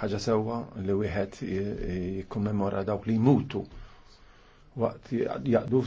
ħaġa sewwa li wieħed jikkommemora dawk li jmutu waqt jaqdu